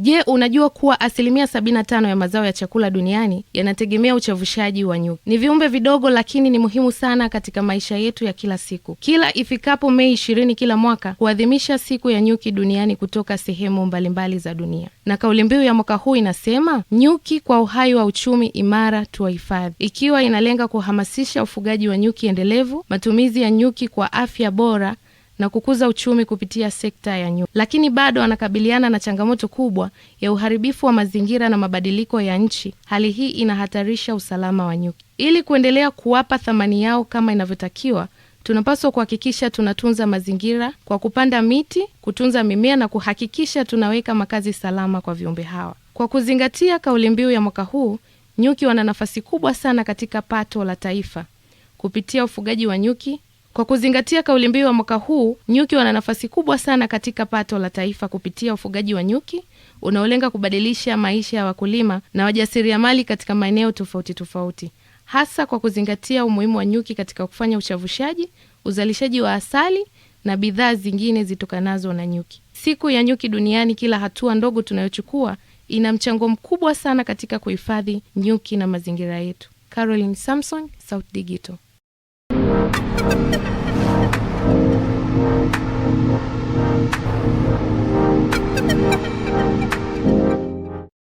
Je, unajua kuwa asilimia 75 ya mazao ya chakula duniani yanategemea uchavushaji wa nyuki? Ni viumbe vidogo, lakini ni muhimu sana katika maisha yetu ya kila siku. Kila ifikapo Mei ishirini kila mwaka huadhimisha siku ya nyuki duniani kutoka sehemu mbalimbali za dunia, na kauli mbiu ya mwaka huu inasema nyuki kwa uhai wa uchumi imara tuwahifadhi, ikiwa inalenga kuhamasisha ufugaji wa nyuki endelevu, matumizi ya nyuki kwa afya bora na kukuza uchumi kupitia sekta ya nyumba, lakini bado anakabiliana na changamoto kubwa ya uharibifu wa mazingira na mabadiliko ya nchi. Hali hii inahatarisha usalama wa nyuki. Ili kuendelea kuwapa thamani yao kama inavyotakiwa, tunapaswa kuhakikisha tunatunza mazingira kwa kupanda miti, kutunza mimea na kuhakikisha tunaweka makazi salama kwa viumbe hawa. Kwa kuzingatia kauli mbiu ya mwaka huu, nyuki wana nafasi kubwa sana katika pato la taifa. Kupitia ufugaji wa nyuki kwa kuzingatia kauli mbiu ya mwaka huu, nyuki wana nafasi kubwa sana katika pato la taifa kupitia ufugaji wa nyuki unaolenga kubadilisha maisha ya wakulima na wajasiriamali katika maeneo tofauti tofauti, hasa kwa kuzingatia umuhimu wa nyuki katika kufanya uchavushaji, uzalishaji wa asali na bidhaa zingine zitokanazo na nyuki. Siku ya nyuki duniani, kila hatua ndogo tunayochukua ina mchango mkubwa sana katika kuhifadhi nyuki na mazingira yetu. Caroline Samson, South Digital. Ha ha ha!